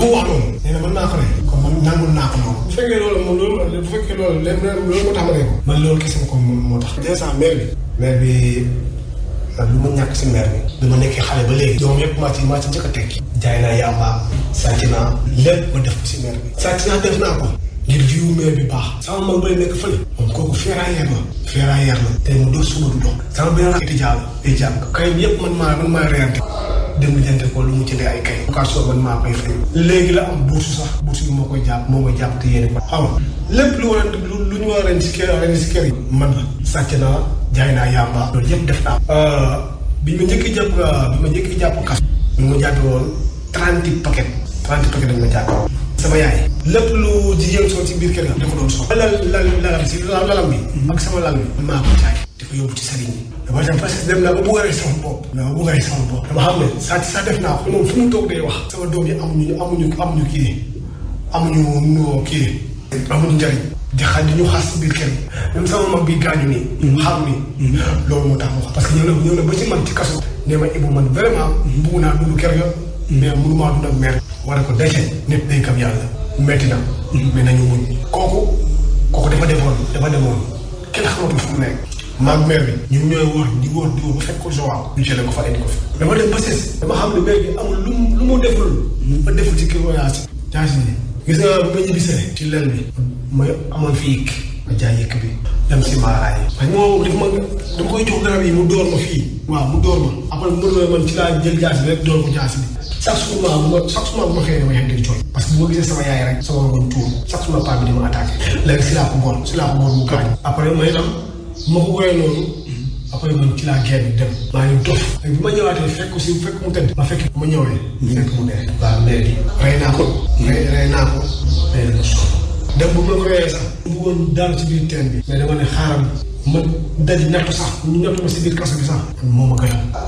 li mu waxoon nee na mën naa ko rey kon man nangul naa ko loolu bu fekkee loolu moom loolu bu fekkee loolu lépp loolu tax ma ne ko loolu kese ko moo tax deux cent maire bi bi man lu ma ñàkk si maire bi dama nekkee xale ba léegi doom yëpp maa ci maa ci njëkk a tekki jaay naa yàmbaa sàcc naa lépp ma def ko si maire bi sàcc naa ko ngir jiwu meew bi baax. sama mag bay nekk fële. moom kooku ferrailleur la. ferrailleur la. tey mu dox suba du dox. sama benn rakk di jàll. day na jënd ko lu mu jëndee ay kay. occasion man maa la am bourse sax. bourse bi moo koy jàpp moo koy jàpp te yéen a. xam nga lu ñu war a ren ci kër ren ci kër yi. naa jaay naa yàmba. loolu yëpp def naa. Euh, bi ma njëkk a jàpp a jàpp kas. ñu ma jàppee woon sama yaay lépp lu jigéen soo ci biir kër ga da ko doon soxla. lal lal lalam si lalam bi. ak sama lal bi maa ko jaay. dafa yóbbu ci sëriñ bi. dama dem parce que dem naa ba bugg a rey sama bopp. dama bugg a rey sama bopp. dama xam ne saa saa def naa ko. moom fu mu toog day wax. sama doom yi amuñu amuñu amuñu kii amuñu noo kii amuñu njariñ. di xaaj di ñu xaas si biir kenn même sama mag bi gaañu nii. xam ni. loolu moo tax ma wax parce que ñëw na ñëw na ba ci man ci kaso. nee ma Ibou man vraiment. bugg naa dund kër ga. mais mënumaa dund ak mer. war a ko dese nit day gëm yàlla. metti na. mais nañu muñ. kooku kooku dafa demoon dafa demoon kenn xamatul fu mu nekk. maag maire bi. ñun ñooy wóor di wóor di wóor bu fekk ko Joal. dem ba sës. dama xam ne maire bi amul lu lu mu deful. ba deful ci kii voyage. jaajëf gis nga ñu gisee. ci lël bi. mooy amoon fi yëkk. ma jaay si maaraay moo daf ma dama koy jox yi mu door fii. waaw mu door ma. après mu door ma ci laa jël jaasi rek door ko jaasi bi. chaque jour ma bu ma ma bu ma xëyee di cooy. bis bu ma gisee sama yaay rek sama rongoñ tuur chaque jour la paa bi di ma attaqué léegi si laa ko boon si laa ko boon mu gaañ après may tam ci laa génn bi ma ñëwaatee fekk ne xaaral ma daj nattu sax ñu nattu ma si biir kaso bi sax moo ma gënal